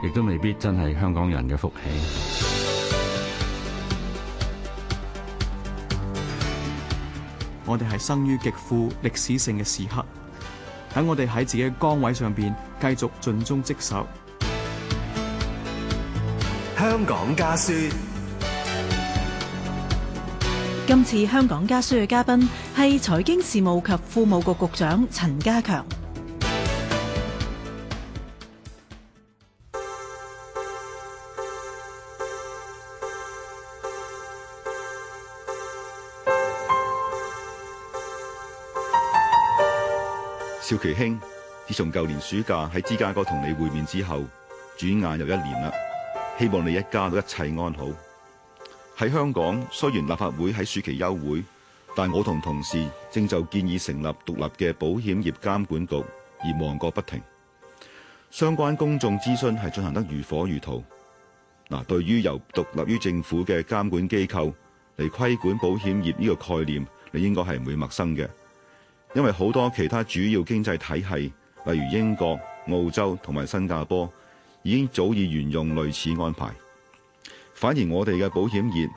亦都未必真係香港人嘅福氣。我哋係生於極富歷史性嘅時刻，等我哋喺自己嘅崗位上邊繼續盡忠職守。香港家書。今次香港家書嘅嘉賓係財經事務及庫務局局長陳家強。趙琪興，自從舊年暑假喺芝加哥同你會面之後，轉眼又一年啦。希望你一家都一切安好。喺香港，雖然立法會喺暑期休會，但我同同事正就建議成立獨立嘅保險業監管局而忙個不停。相關公眾諮詢係進行得如火如荼。嗱，對於由獨立於政府嘅監管機構嚟規管保險業呢個概念，你應該係唔會陌生嘅。因為好多其他主要經濟體系，例如英國、澳洲同埋新加坡，已經早已沿用類似安排。反而我哋嘅保險業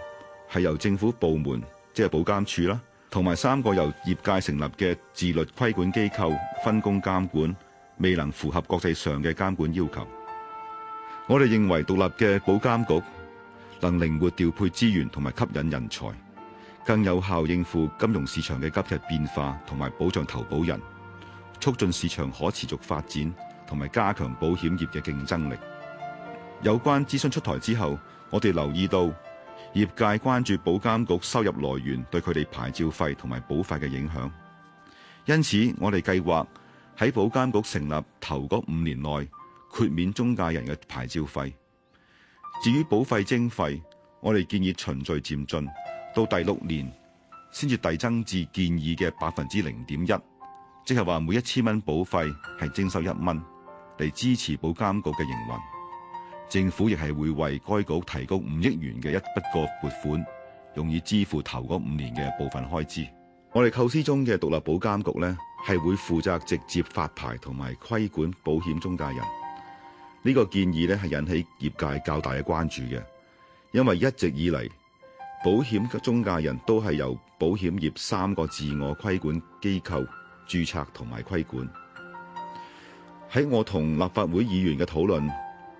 係由政府部門，即係保監處啦，同埋三個由業界成立嘅自律規管機構分工監管，未能符合國際上嘅監管要求。我哋認為獨立嘅保監局能靈活調配資源同埋吸引人才。更有效應付金融市場嘅急劇變化，同埋保障投保人，促進市場可持續發展，同埋加強保險業嘅競爭力。有關諮詢出台之後，我哋留意到業界關注保監局收入來源對佢哋牌照費同埋保費嘅影響，因此我哋計劃喺保監局成立頭嗰五年內豁免中介人嘅牌照費。至於保費徵費，我哋建議循序漸進。到第六年先至遞增至建議嘅百分之零點一，即係話每一千蚊保費係徵收一蚊嚟支持保監局嘅營運，政府亦係會為該局提供五億元嘅一筆個撥款，用以支付頭嗰五年嘅部分開支。我哋構思中嘅獨立保監局咧，係會負責直接發牌同埋規管保險中介人。呢、這個建議咧，係引起業界較大嘅關注嘅，因為一直以嚟。保險嘅中介人都係由保險業三個自我規管機構註冊同埋規管。喺我同立法會議員嘅討論，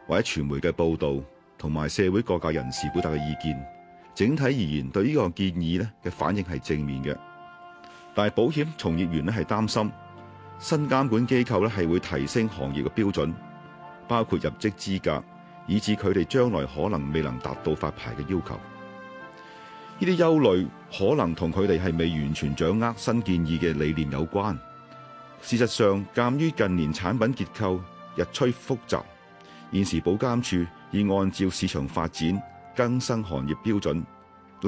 或者傳媒嘅報導，同埋社會各界人士表達嘅意見，整體而言對呢個建議呢嘅反應係正面嘅。但係保險從業員呢係擔心新監管機構呢係會提升行業嘅標準，包括入職資格，以致佢哋將來可能未能達到發牌嘅要求。呢啲憂慮可能同佢哋係未完全掌握新建議嘅理念有關。事實上，鑒於近年產品結構日趨複雜，現時保監處已按照市場發展更新行業標準，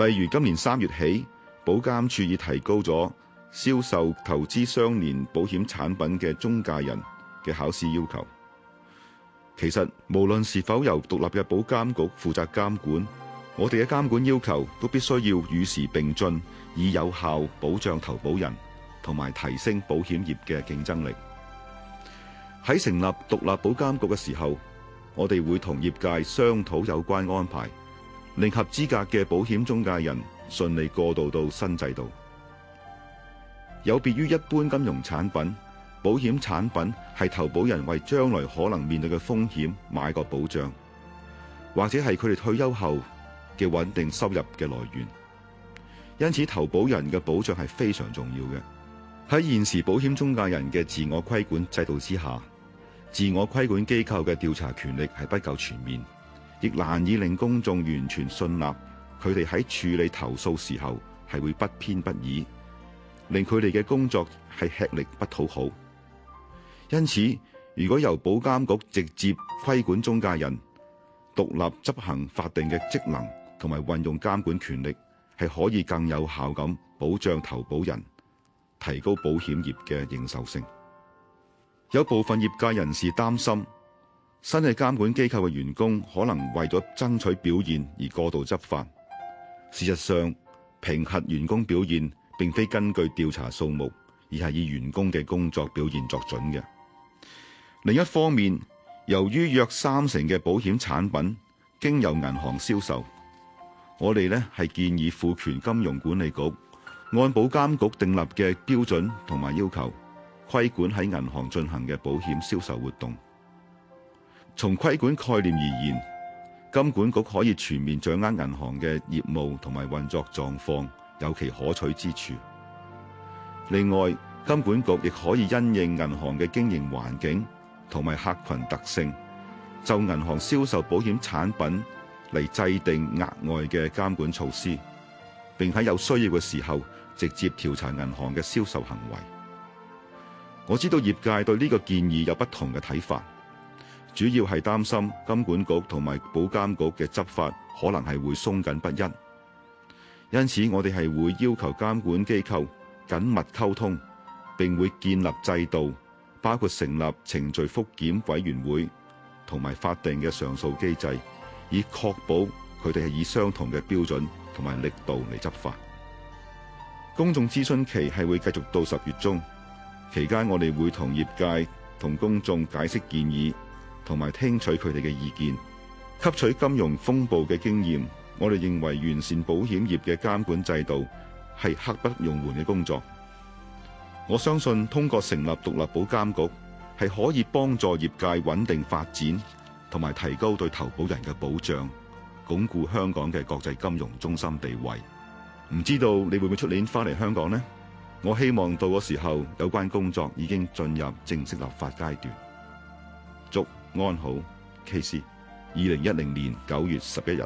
例如今年三月起，保監處已提高咗銷售投資相連保險產品嘅中介人嘅考試要求。其實，無論是否由獨立嘅保監局負責監管。我哋嘅監管要求都必須要與時並進，以有效保障投保人同埋提升保險業嘅競爭力。喺成立獨立保監局嘅時候，我哋會同業界商討有關安排，令合資格嘅保險中介人順利過渡到新制度。有別於一般金融產品，保險產品係投保人為將來可能面對嘅風險買個保障，或者係佢哋退休後嘅穩定收入嘅來源，因此投保人嘅保障係非常重要嘅。喺現時保險中介人嘅自我規管制度之下，自我規管機構嘅調查權力係不夠全面，亦難以令公眾完全信納，佢哋喺處理投訴時候係會不偏不倚，令佢哋嘅工作係吃力不討好。因此，如果由保監局直接規管中介人，獨立執行法定嘅職能。同埋運用監管權力係可以更有效咁保障投保人，提高保險業嘅認受性。有部分業界人士擔心新嘅監管機構嘅員工可能為咗爭取表現而過度執法。事實上，評核員工表現並非根據調查數目，而係以員工嘅工作表現作準嘅。另一方面，由於約三成嘅保險產品經由銀行銷售。我哋呢，係建議賦權金融管理局按保監局訂立嘅標準同埋要求規管喺銀行進行嘅保險銷售活動。從規管概念而言，金管局可以全面掌握銀行嘅業務同埋運作狀況，有其可取之處。另外，金管局亦可以因應銀行嘅經營環境同埋客群特性，就銀行銷售保險產品。嚟制定額外嘅監管措施，並喺有需要嘅時候直接調查銀行嘅銷售行為。我知道業界對呢個建議有不同嘅睇法，主要係擔心金管局同埋保監局嘅執法可能係會鬆緊不一。因此，我哋係會要求監管機構緊密溝通，並會建立制度，包括成立程序復檢委員會同埋法定嘅上訴機制。以確保佢哋係以相同嘅標準同埋力度嚟執法。公眾諮詢期係會繼續到十月中，期間我哋會同業界同公眾解釋建議，同埋聽取佢哋嘅意見，吸取金融風暴嘅經驗。我哋認為完善保險業嘅監管制度係刻不容緩嘅工作。我相信通過成立獨立保監局係可以幫助業界穩定發展。同埋提高對投保人嘅保障，鞏固香港嘅國際金融中心地位。唔知道你會唔會出年翻嚟香港呢？我希望到嗰時候有關工作已經進入正式立法階段。祝安好，KC，二零一零年九月十一日。